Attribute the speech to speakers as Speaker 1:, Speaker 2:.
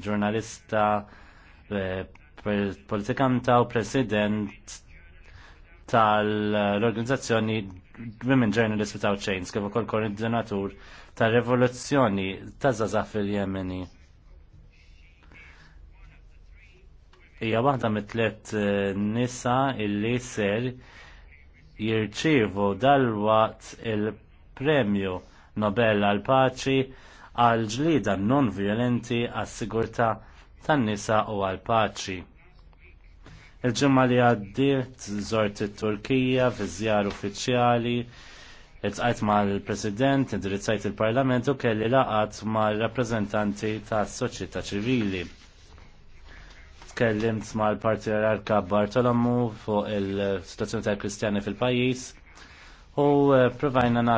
Speaker 1: ġurnalista, eh, politikanta u president tal-organizzazzjoni Women Journalists Without Chains, kif ukoll koordinatur tal-revoluzzjoni ta' Zazaf fil-Jemeni. Hija waħda mit-tliet eh, nisa illi ser jirċievu dalwaqt il-premju Nobel għal paċi għal ġlieda non vjolenti għas sigurtà tan-nisa u għal paċi. Il-ġimgħa li għaddiet żort it-Turkija fi żjar uffiċjali Irtqajt mal-President, indirizzajt il-Parlament u kelli laqat mal-rappresentanti tas soċjetà ċivili. Tkellimt mal-Patriarka Bartolomu fuq il-situazzjoni tal-Kristjani fil-pajis u eh, provajna